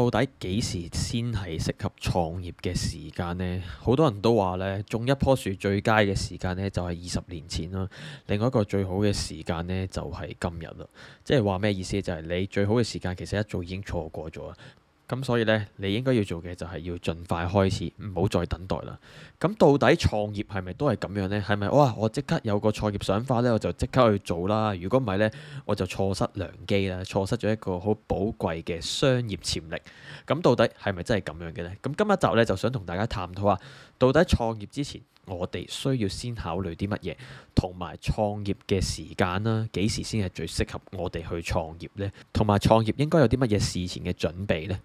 到底幾時先係適合創業嘅時間呢？好多人都話呢，種一棵樹最佳嘅時間呢，就係二十年前咯。另外一個最好嘅時間呢，就係今日啦。即係話咩意思？就係你最好嘅時間其實一早已經錯過咗啦。咁所以呢，你應該要做嘅就係要盡快開始，唔好再等待啦。咁到底創業係咪都係咁樣呢？係咪哇，我即刻有個創業想法呢，我就即刻去做啦？如果唔係呢，我就錯失良機啦，錯失咗一個好寶貴嘅商業潛力。咁到底係咪真係咁樣嘅呢？咁今集呢，就想同大家探討下，到底創業之前我哋需要先考慮啲乜嘢，同埋創業嘅時間啦，幾時先係最適合我哋去創業呢？同埋創業應該有啲乜嘢事前嘅準備呢？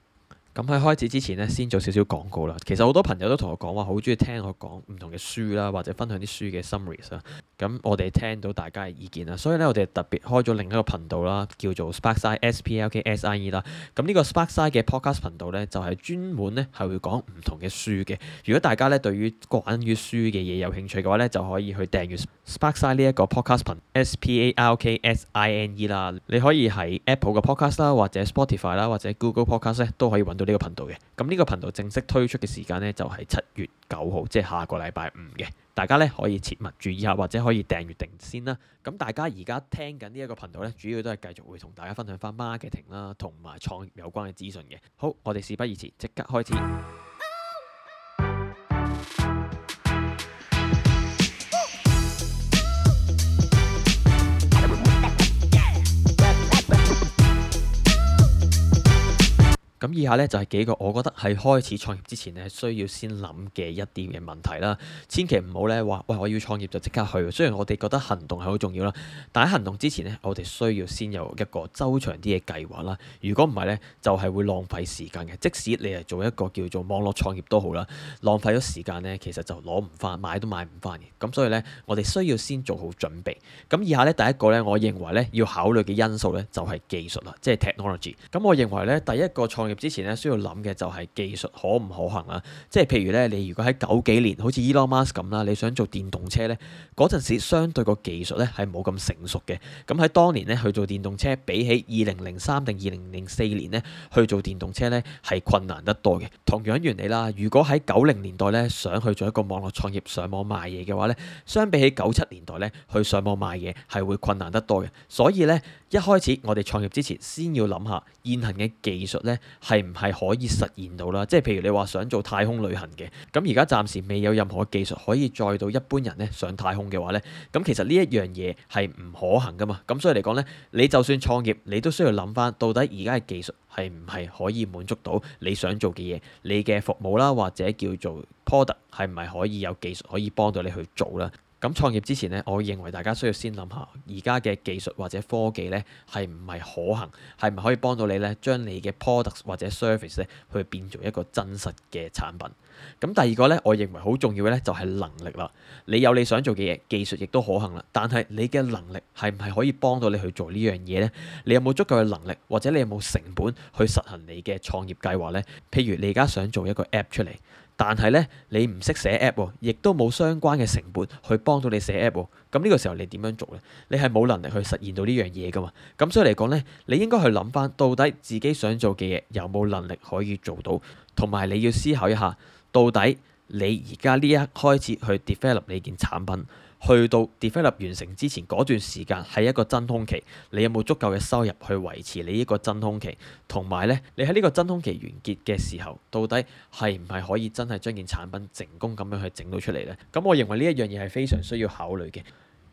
咁喺開始之前咧，先做少少廣告啦。其實好多朋友都同我講話，好鍾意聽我講唔同嘅書啦，或者分享啲書嘅 summary 啦。咁我哋聽到大家嘅意見啦，所以咧我哋特別開咗另一個頻道啦，叫做 Sparkside S P L K S I E 啦。咁呢個 Sparkside 嘅 podcast 頻道咧，就係、是、專門咧係會講唔同嘅書嘅。如果大家咧對於關於書嘅嘢有興趣嘅話咧，就可以去訂閱。Sparksine 呢一個 podcast 頻道，S P A R K S I N E 啦，你可以喺 Apple 嘅 podcast 啦，或者 Spotify 啦，或者 Google podcast 咧都可以揾到呢個頻道嘅。咁呢個頻道正式推出嘅時間呢，就係、是、七月九號，即係下個禮拜五嘅。大家呢，可以切勿注意下，或者可以訂閱定先啦。咁大家而家聽緊呢一個頻道呢，主要都係繼續會同大家分享翻 marketing 啦，同埋創業有關嘅資訊嘅。好，我哋事不宜遲，即刻開始。 咁以下咧就係、是、幾個我覺得喺開始創業之前咧需要先諗嘅一啲嘅問題啦，千祈唔好咧話喂我要創業就即刻去，雖然我哋覺得行動係好重要啦，但喺行動之前咧，我哋需要先有一個周長啲嘅計劃啦。如果唔係咧，就係、是、會浪費時間嘅。即使你係做一個叫做網絡創業都好啦，浪費咗時間咧，其實就攞唔返，買都買唔返嘅。咁所以咧，我哋需要先做好準備。咁以下咧，第一個咧，我認為咧要考慮嘅因素咧就係、是、技術啦，即係 technology。咁我認為咧，第一個創業之前咧需要諗嘅就係技術可唔可行啦，啊，即係譬如咧，你如果喺九幾年，好似 Elon Musk 咁啦，你想做電動車咧，嗰陣時相對個技術咧係冇咁成熟嘅。咁喺當年咧去做電動車，比起二零零三定二零零四年咧去做電動車咧係困難得多嘅。同樣原理啦，如果喺九零年代咧想去做一個網絡創業上網賣嘢嘅話咧，相比起九七年代咧去上網賣嘢係會困難得多嘅。所以咧。一開始我哋創業之前，先要諗下現行嘅技術咧係唔係可以實現到啦？即係譬如你話想做太空旅行嘅，咁而家暫時未有任何技術可以載到一般人咧上太空嘅話咧，咁其實呢一樣嘢係唔可行噶嘛。咁所以嚟講咧，你就算創業，你都需要諗翻到底而家嘅技術係唔係可以滿足到你想做嘅嘢，你嘅服務啦或者叫做 product 係唔係可以有技術可以幫到你去做啦？咁創業之前呢，我認為大家需要先諗下，而家嘅技術或者科技呢，係唔係可行？係唔可以幫到你呢，將你嘅 product 或者 service 呢，去變做一個真實嘅產品？咁，嗯，第二個呢，我認為好重要嘅呢，就係能力啦。你有你想做嘅嘢，技術亦都可行啦，但係你嘅能力係唔係可以幫到你去做呢樣嘢呢？你有冇足夠嘅能力，或者你有冇成本去實行你嘅創業計劃呢？譬如你而家想做一個 app 出嚟。但係咧，你唔識寫 app，亦都冇相關嘅成本去幫到你寫 app。咁呢個時候你點樣做咧？你係冇能力去實現到呢樣嘢噶嘛？咁所以嚟講咧，你應該去諗返，到底自己想做嘅嘢有冇能力可以做到，同埋你要思考一下，到底你而家呢一刻開始去 develop 你件產品。去到 deferral 完成之前嗰段時間係一個真空期，你有冇足夠嘅收入去維持你呢個真空期？同埋咧，你喺呢個真空期完結嘅時候，到底係唔係可以真係將件產品成功咁樣去整到出嚟咧？咁我認為呢一樣嘢係非常需要考慮嘅。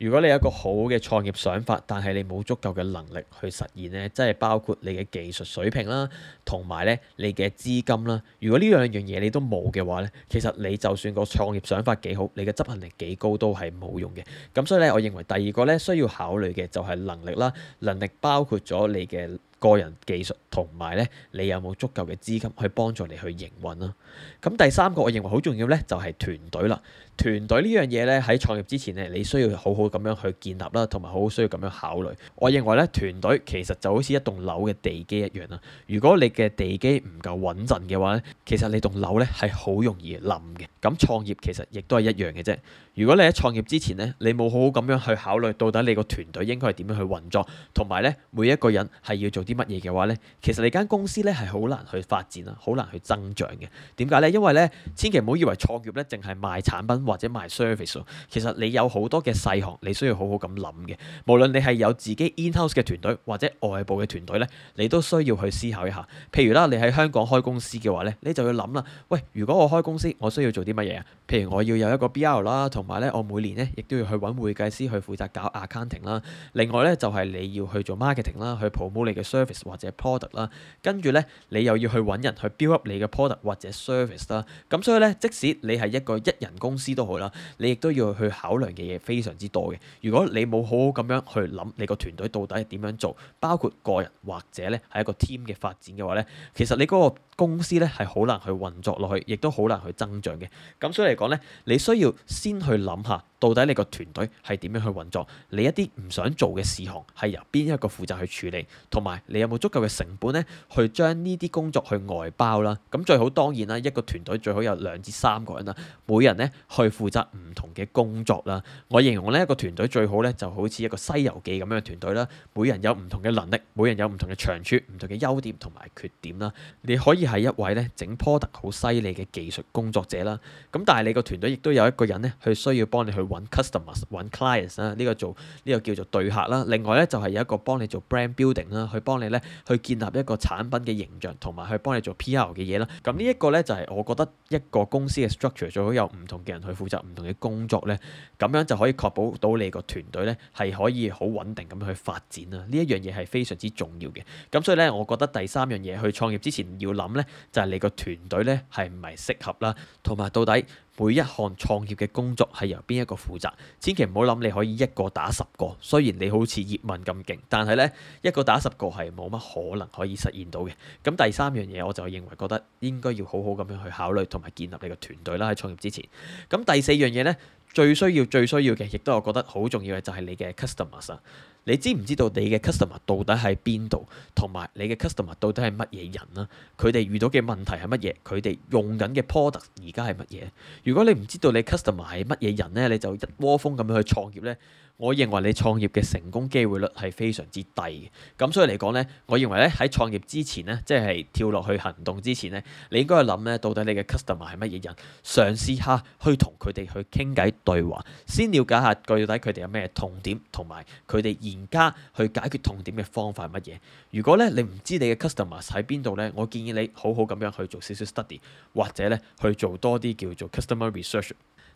如果你有一個好嘅創業想法，但係你冇足夠嘅能力去實現呢，即係包括你嘅技術水平啦，同埋呢你嘅資金啦。如果呢兩樣嘢你都冇嘅話呢，其實你就算個創業想法幾好，你嘅執行力幾高都係冇用嘅。咁所以呢，我認為第二個呢需要考慮嘅就係能力啦。能力包括咗你嘅個人技術，同埋呢你有冇足夠嘅資金去幫助你去營運啦。咁第三個我認為好重要呢，就係團隊啦。團隊呢樣嘢呢，喺創業之前呢，你需要好好咁樣去建立啦，同埋好好需要咁樣考慮。我認為呢團隊其實就好似一棟樓嘅地基一樣啦。如果你嘅地基唔夠穩陣嘅話呢，其實你棟樓呢係好容易冧嘅。咁創業其實亦都係一樣嘅啫。如果你喺創業之前呢，你冇好好咁樣去考慮到底你個團隊應該係點樣去運作，同埋呢每一個人係要做啲乜嘢嘅話呢，其實你間公司呢係好難去發展呀，好難去增長嘅。點解呢？因為呢千祈唔好以為創業呢淨係賣產品。或者賣 service，其實你有好多嘅細項，你需要好好咁諗嘅。無論你係有自己 in-house 嘅團隊或者外部嘅團隊呢，你都需要去思考一下。譬如啦，你喺香港開公司嘅話呢，你就要諗啦。喂，如果我開公司，我需要做啲乜嘢啊？譬如我要有一個 BR 啦，同埋呢，我每年呢亦都要去揾會計師去負責搞 accounting 啦。另外呢，就係你要去做 marketing 啦，去 promote 你嘅 service 或者 product 啦。跟住呢，你又要去揾人去 build up 你嘅 product 或者 service 啦。咁所以呢，即使你係一個一人公司，都好啦，你亦都要去考量嘅嘢非常之多嘅。如果你冇好好咁樣去諗，你個團隊到底係點樣做，包括個人或者咧係一個 team 嘅發展嘅話咧，其實你嗰個公司咧係好難去運作落去，亦都好難去增長嘅。咁所以嚟講咧，你需要先去諗下，到底你個團隊係點樣去運作，你一啲唔想做嘅事項係由邊一個負責去處理，同埋你有冇足夠嘅成本咧去將呢啲工作去外包啦。咁最好當然啦，一個團隊最好有兩至三個人啦，每人咧。去負責唔同嘅工作啦，我形容呢一個團隊最好咧就好似一個西遊記咁樣嘅團隊啦，每人有唔同嘅能力，每人有唔同嘅長處，唔同嘅優點同埋缺點啦。你可以係一位咧整 product 好犀利嘅技術工作者啦，咁但係你個團隊亦都有一個人咧，去需要幫你去揾 customers、揾 clients 啦，呢個做呢個叫做對客啦。另外咧就係有一個幫你做 brand building 啦，去幫你咧去建立一個產品嘅形象，同埋去幫你做 PR 嘅嘢啦。咁呢一個咧就係我覺得一個公司嘅 structure 最好有唔同嘅人去。去負責唔同嘅工作咧，咁樣就可以確保到你個團隊咧係可以好穩定咁去發展啊！呢一樣嘢係非常之重要嘅。咁所以咧，我覺得第三樣嘢去創業之前要諗咧，就係你個團隊咧係唔係適合啦，同埋到底。每一項創業嘅工作係由邊一個負責？千祈唔好諗你可以一個打十個。雖然你好似葉問咁勁，但係呢一個打十個係冇乜可能可以實現到嘅。咁第三樣嘢我就認為覺得應該要好好咁樣去考慮同埋建立你嘅團隊啦。喺創業之前，咁第四樣嘢呢。最需要、最需要嘅，亦都我覺得好重要嘅，就係你嘅 customers 啊！你知唔知道你嘅 customer 到底喺邊度？同埋你嘅 customer 到底係乜嘢人啦？佢哋遇到嘅問題係乜嘢？佢哋用緊嘅 product 而家係乜嘢？如果你唔知道你 customer 係乜嘢人呢？你就一窩蜂咁樣去創業呢。我認為你創業嘅成功機會率係非常之低嘅，咁所以嚟講呢，我認為咧喺創業之前呢，即係跳落去行動之前呢，你應該去諗呢：到底你嘅 customer 係乜嘢人，嘗試下去同佢哋去傾偈對話，先了解下具體佢哋有咩痛點，同埋佢哋而家去解決痛點嘅方法係乜嘢。如果呢，你唔知你嘅 customer 喺邊度呢，我建議你好好咁樣去做少少 study，或者呢去做多啲叫做 customer research。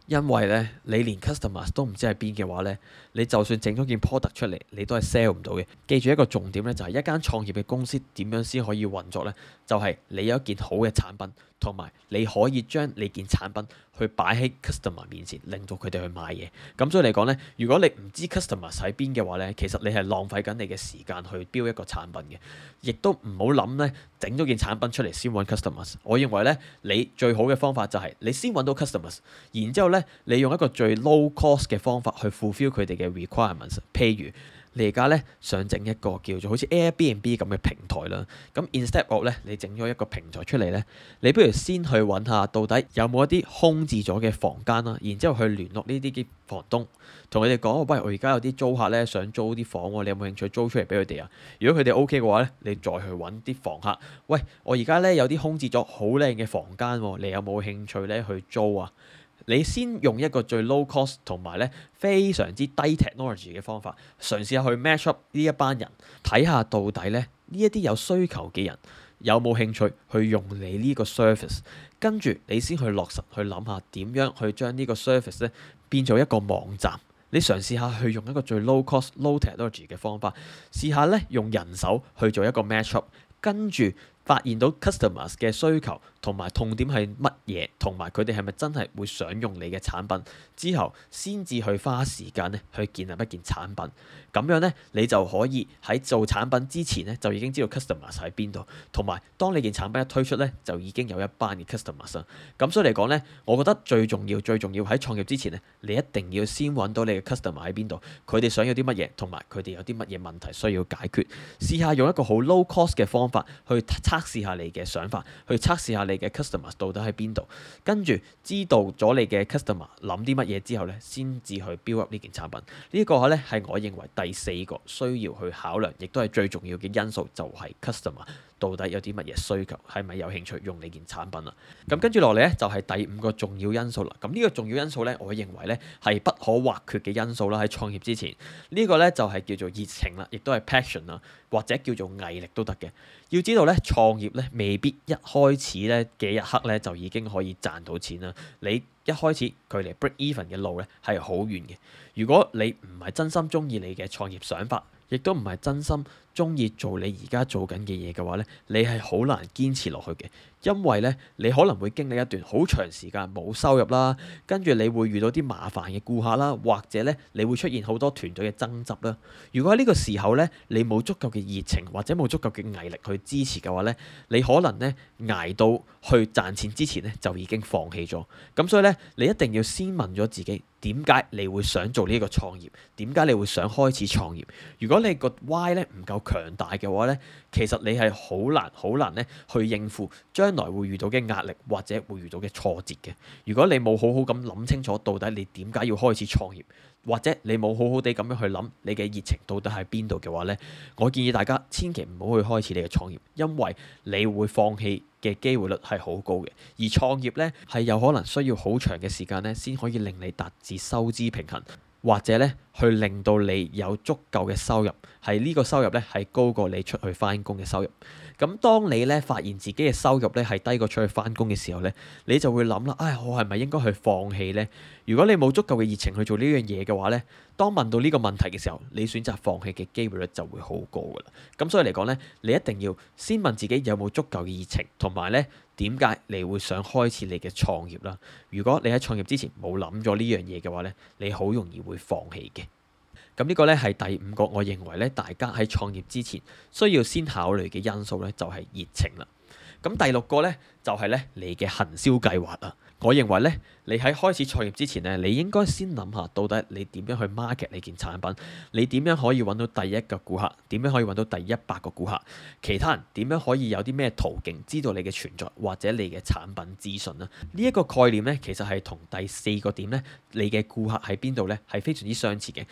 因為咧，你連 customers 都唔知喺邊嘅話咧，你就算整咗件 product 出嚟，你都係 sell 唔到嘅。記住一個重點咧，就係一間創業嘅公司點樣先可以運作咧？就係你有一件好嘅產品。同埋你可以將你件產品去擺喺 customer 面前，令到佢哋去買嘢。咁所以嚟講呢，如果你唔知 customer 喺邊嘅話呢，其實你係浪費緊你嘅時間去標一個產品嘅，亦都唔好諗呢，整咗件產品出嚟先揾 customers。我認為呢，你最好嘅方法就係你先揾到 customers，然之後呢，你用一個最 low cost 嘅方法去 fulfill 佢哋嘅 requirements。譬如你而家咧想整一個叫做好似 Airbnb 咁嘅平台啦，咁 Instead of 咧，你整咗一個平台出嚟咧，你不如先去揾下到底有冇一啲空置咗嘅房間啦，然之後去聯絡呢啲嘅房東，同佢哋講，喂，我而家有啲租客咧想租啲房，你有冇興趣租出嚟俾佢哋啊？如果佢哋 OK 嘅話咧，你再去揾啲房客，喂，我而家咧有啲空置咗好靚嘅房間，你有冇興趣咧去租啊？你先用一個最 low cost 同埋咧非常之低 technology 嘅方法嘗試下去 match up 呢一班人，睇下到底咧呢一啲有需求嘅人有冇興趣去用你呢個 service，跟住你先去落實去諗下點樣去將呢個 service 咧變做一個網站。你嘗試下去用一個最 low cost low technology 嘅方法，試下咧用人手去做一個 match up，跟住，發現到 customers 嘅需求同埋痛點係乜嘢，同埋佢哋係咪真係會想用你嘅產品？之後先至去花時間咧去建立一件產品。咁樣咧，你就可以喺做產品之前咧，就已經知道 customers 喺邊度，同埋當你件產品一推出咧，就已經有一班嘅 customers 啦。咁所以嚟講咧，我覺得最重要最重要喺創業之前咧，你一定要先揾到你嘅 customer 喺邊度，佢哋想要啲乜嘢，同埋佢哋有啲乜嘢問題需要解決。試下用一個好 low cost 嘅方法去測試下你嘅想法，去測試下你嘅 customer 到底喺邊度，跟住知道咗你嘅 customer 諗啲乜嘢之後呢，先至去 build up 呢件產品。這個、呢個吓係我認為第四個需要去考量，亦都係最重要嘅因素，就係、是、customer 到底有啲乜嘢需求，係咪有興趣用你件產品啊？咁、嗯、跟住落嚟呢，就係、是、第五個重要因素啦。咁、這、呢個重要因素呢，我認為呢係不可或缺嘅因素啦。喺創業之前，呢、這個呢就係、是、叫做熱情啦，亦都係 passion 啦。或者叫做毅力都得嘅，要知道呢創業呢，未必一開始呢嘅一刻呢就已經可以賺到錢啦。你一開始距離 break even 嘅路呢係好遠嘅。如果你唔係真心鍾意你嘅創業想法，亦都唔係真心。鍾意做你而家做緊嘅嘢嘅話咧，你係好難堅持落去嘅，因為咧你可能會經歷一段好長時間冇收入啦，跟住你會遇到啲麻煩嘅顧客啦，或者咧你會出現好多團隊嘅爭執啦。如果喺呢個時候咧，你冇足夠嘅熱情或者冇足夠嘅毅力去支持嘅話咧，你可能咧捱到去賺錢之前咧就已經放棄咗。咁所以咧，你一定要先問咗自己點解你會想做呢個創業，點解你會想開始創業？如果你個 why 咧唔夠強大嘅話呢，其實你係好難好難呢去應付將來會遇到嘅壓力，或者會遇到嘅挫折嘅。如果你冇好好咁諗清楚到底你點解要開始創業，或者你冇好好地咁樣去諗你嘅熱情到底喺邊度嘅話呢，我建議大家千祈唔好去開始你嘅創業，因為你會放棄嘅機會率係好高嘅。而創業呢，係有可能需要好長嘅時間呢先可以令你達至收支平衡。或者咧，去令到你有足夠嘅收入，係呢個收入咧，係高過你出去返工嘅收入。咁當你咧發現自己嘅收入咧係低過出去返工嘅時候咧，你就會諗啦，「唉、哎，我係咪應該去放棄呢？」如果你冇足夠嘅熱情去做呢樣嘢嘅話咧，當問到呢個問題嘅時候，你選擇放棄嘅機會率就會好高㗎喇。咁所以嚟講咧，你一定要先問自己有冇足夠嘅熱情，同埋咧點解你會想開始你嘅創業啦。如果你喺創業之前冇諗咗呢樣嘢嘅話咧，你好容易會放棄嘅。咁呢個咧係第五個，我認為咧大家喺創業之前需要先考慮嘅因素咧就係熱情啦。咁第六個咧就係咧你嘅行銷計劃啦。我認為咧。你喺開始創業之前咧，你應該先諗下，到底你點樣去 market 你件產品？你點樣可以揾到第一個顧客？點樣可以揾到第一百個顧客？其他人點樣可以有啲咩途徑知道你嘅存在或者你嘅產品資訊呢？呢一個概念咧，其實係同第四個點咧，你嘅顧客喺邊度咧，係非常之相似嘅。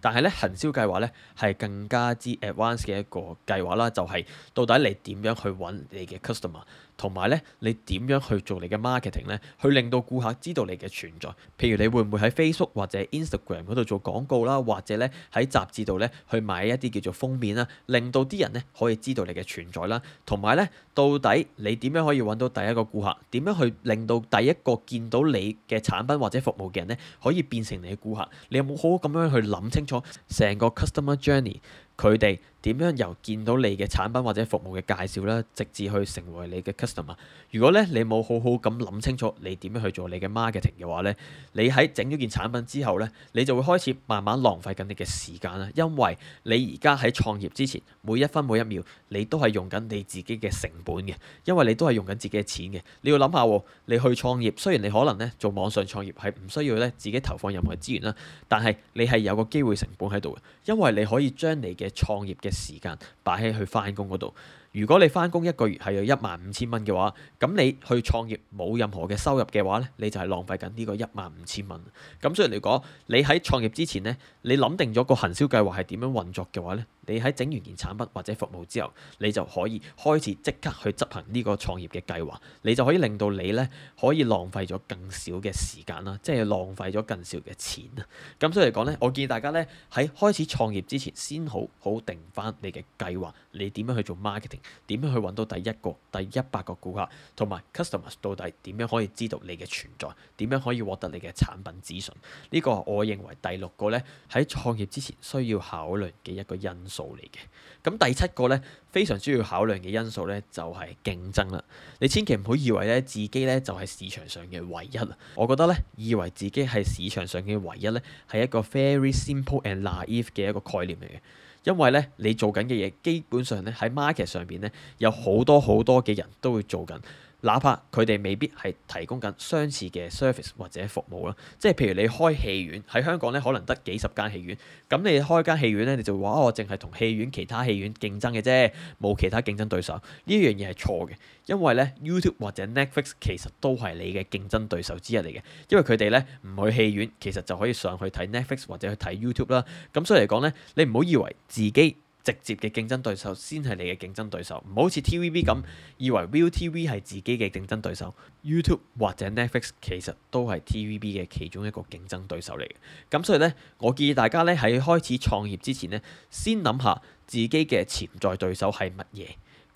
但係咧，行銷計劃咧係更加之 advance 嘅一個計劃啦，就係到底你點樣去揾你嘅 customer，同埋咧你點樣去做你嘅 marketing 咧，去令到顧客知，知道你嘅存在，譬如你會唔會喺 Facebook 或者 Instagram 嗰度做廣告啦，或者咧喺雜誌度咧去買一啲叫做封面啦，令到啲人咧可以知道你嘅存在啦，同埋咧到底你點樣可以揾到第一個顧客，點樣去令到第一個見到你嘅產品或者服務嘅人咧可以變成你嘅顧客，你有冇好好咁樣去諗清楚成個 customer journey？佢哋點樣由見到你嘅產品或者服務嘅介紹啦，直至去成為你嘅 customer。如果咧你冇好好咁諗清楚你點樣去做你嘅 marketing 嘅話咧，你喺整咗件產品之後咧，你就會開始慢慢浪費緊你嘅時間啦。因為你而家喺創業之前每一分每一秒你都係用緊你自己嘅成本嘅，因為你都係用緊自己嘅錢嘅。你要諗下，你去創業雖然你可能咧做網上創業係唔需要咧自己投放任何資源啦，但係你係有個機會成本喺度嘅，因為你可以將你嘅創業嘅時間擺喺去翻工嗰度。如果你翻工一個月係有一萬五千蚊嘅話，咁你去創業冇任何嘅收入嘅話咧，你就係浪費緊呢個一萬五千蚊。咁所以如果你喺創業之前咧，你諗定咗個行銷計劃係點樣運作嘅話咧？你喺整完件產品或者服務之後，你就可以開始即刻去執行呢個創業嘅計劃。你就可以令到你咧可以浪費咗更少嘅時間啦，即係浪費咗更少嘅錢啦。咁所以嚟講咧，我建議大家咧喺開始創業之前，先好好定翻你嘅計劃。你點樣去做 marketing？點樣去揾到第一個、第一百個顧客同埋 customers？到底點樣可以知道你嘅存在？點樣可以獲得你嘅產品資訊？呢個我認為第六個咧喺創業之前需要考慮嘅一個因素。數嚟嘅。咁第七個咧非常需要考量嘅因素咧就係、是、競爭啦。你千祈唔好以為咧自己咧就係市場上嘅唯一。我覺得咧以為自己係市場上嘅唯一咧係一個 very simple and naive 嘅一個概念嚟嘅，因為咧你做緊嘅嘢，基本上咧喺 market 上邊咧有好多好多嘅人都會做緊。哪怕佢哋未必係提供緊相似嘅 service 或者服務啦，即係譬如你開戲院喺香港咧，可能得幾十間戲院，咁你開間戲院咧，你就話我淨係同戲院其他戲院競爭嘅啫，冇其他競爭對手，呢樣嘢係錯嘅，因為咧 YouTube 或者 Netflix 其實都係你嘅競爭對手之一嚟嘅，因為佢哋咧唔去戲院，其實就可以上去睇 Netflix 或者去睇 YouTube 啦，咁所以嚟講咧，你唔好以為自己直接嘅競爭對手先係你嘅競爭對手，唔好似 TVB 咁以為 ViuTV 係自己嘅競爭對手，YouTube 或者 Netflix 其實都係 TVB 嘅其中一個競爭對手嚟嘅。咁所以呢，我建議大家呢喺開始創業之前呢，先諗下自己嘅潛在對手係乜嘢。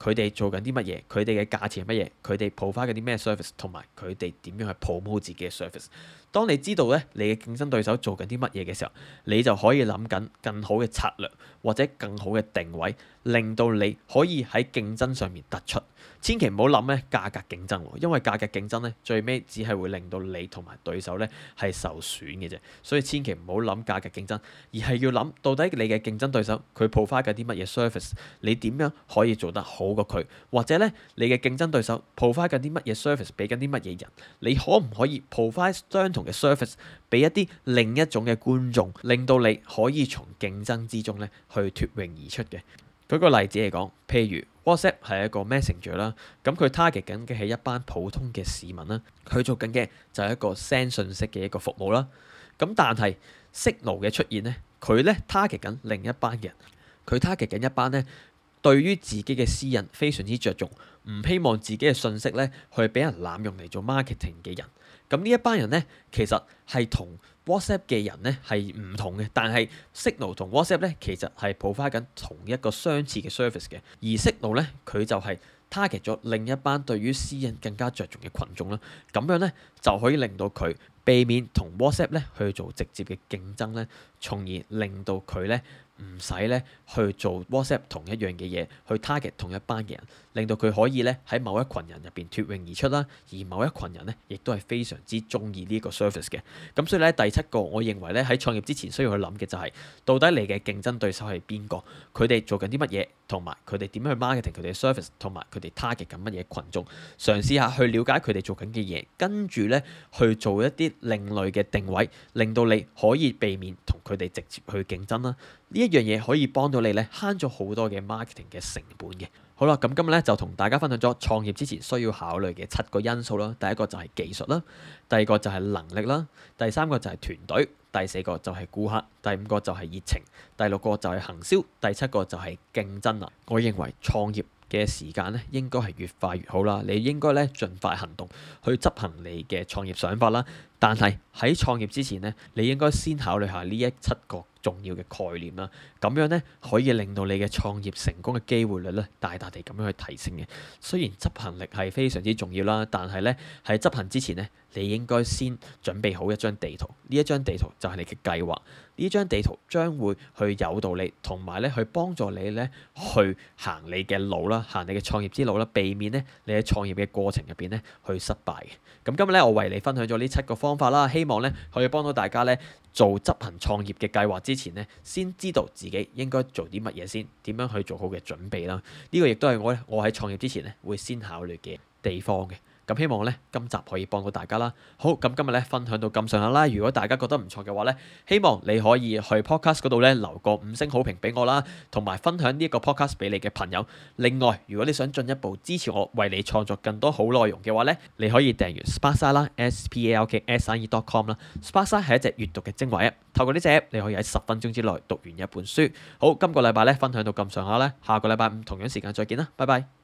佢哋做緊啲乜嘢？佢哋嘅價錢係乜嘢？佢哋 provide 嗰啲咩 service，同埋佢哋點樣去 promote 自己嘅 service？當你知道咧，你嘅競爭對手做緊啲乜嘢嘅時候，你就可以諗緊更好嘅策略或者更好嘅定位，令到你可以喺競爭上面突出。千祈唔好諗咧，價格競爭，因為價格競爭咧，最尾只係會令到你同埋對手咧係受損嘅啫。所以千祈唔好諗價格競爭，而係要諗到底你嘅競爭對手佢 provide 緊啲乜嘢 service，你點樣可以做得好過佢？或者咧，你嘅競爭對手 provide 緊啲乜嘢 service，俾緊啲乜嘢人？你可唔可以 provide 相同嘅 service 俾一啲另一種嘅觀眾，令到你可以從競爭之中咧去脫穎而出嘅？舉個例子嚟講，譬如 WhatsApp 係一個 Messenger 啦，咁佢 target 緊嘅係一班普通嘅市民啦，佢做緊嘅就係一個 send 信息嘅一個服務啦。咁但係 Signal 嘅出現咧，佢咧 target 緊另一班人，佢 target 緊一班咧，對於自己嘅私隱非常之着重，唔希望自己嘅信息咧去俾人濫用嚟做 marketing 嘅人。咁呢一班人咧，其實係同 WhatsApp 嘅人咧係唔同嘅，但係 Signal 同 WhatsApp 咧其實係抱翻緊同一個相似嘅 service 嘅，而 Signal 咧佢就係 target 咗另一班對於私隱更加着重嘅群眾啦，咁樣咧就可以令到佢避免同 WhatsApp 咧去做直接嘅競爭咧，從而令到佢咧唔使咧去做 WhatsApp 同一樣嘅嘢，去 target 同一班嘅人。令到佢可以咧喺某一群人入邊脫穎而出啦，而某一群人咧亦都係非常之中意呢個 service 嘅。咁所以咧第七個，我認為咧喺創業之前需要去諗嘅就係、是，到底你嘅競爭對手係邊個，佢哋做緊啲乜嘢，同埋佢哋點樣去 marketing 佢哋嘅 service 同埋佢哋 target 緊乜嘢群眾，嘗試下去了解佢哋做緊嘅嘢，跟住咧去做一啲另類嘅定位，令到你可以避免同佢哋直接去競爭啦。呢一樣嘢可以幫到你咧慳咗好多嘅 marketing 嘅成本嘅。好啦，咁今日咧就同大家分享咗創業之前需要考慮嘅七個因素啦。第一個就係技術啦，第二個就係能力啦，第三個就係團隊，第四個就係顧客，第五個就係熱情，第六個就係行銷，第七個就係競爭啦。我認為創業嘅時間咧應該係越快越好啦。你應該咧盡快行動去執行你嘅創業想法啦。但係喺創業之前咧，你應該先考慮下呢一七個重要嘅概念啦，咁樣咧可以令到你嘅創業成功嘅機會率咧大大地咁樣去提升嘅。雖然執行力係非常之重要啦，但係咧喺執行之前咧，你應該先準備好一張地圖，呢一張地圖就係你嘅計劃，呢張地圖將會去誘導你同埋咧去幫助你咧去行你嘅路啦，行你嘅創業之路啦，避免咧你喺創業嘅過程入邊咧去失敗嘅。咁、嗯、今日咧我為你分享咗呢七個方法啦，希望咧可以幫到大家咧做執行創業嘅計劃。之前咧，先知道自己應該做啲乜嘢先，點樣去做好嘅準備啦。這個、呢個亦都係我我喺創業之前咧，會先考慮嘅地方嘅。咁希望咧，今集可以幫到大家啦。好，咁今日咧，分享到咁上下啦。如果大家覺得唔錯嘅話咧，希望你可以去 Podcast 嗰度咧，留個五星好評俾我啦，同埋分享呢個 Podcast 俾你嘅朋友。另外，如果你想進一步支持我，為你創作更多好內容嘅話咧，你可以訂閱 Sparksine 啦，Sparksine dot com 啦。Sparksine 係一隻閱讀嘅精華 App。透過呢隻 App，你可以喺十分鐘之內讀完一本書。好，今個禮拜咧，分享到咁上下啦。下個禮拜五同樣時間再見啦，拜拜。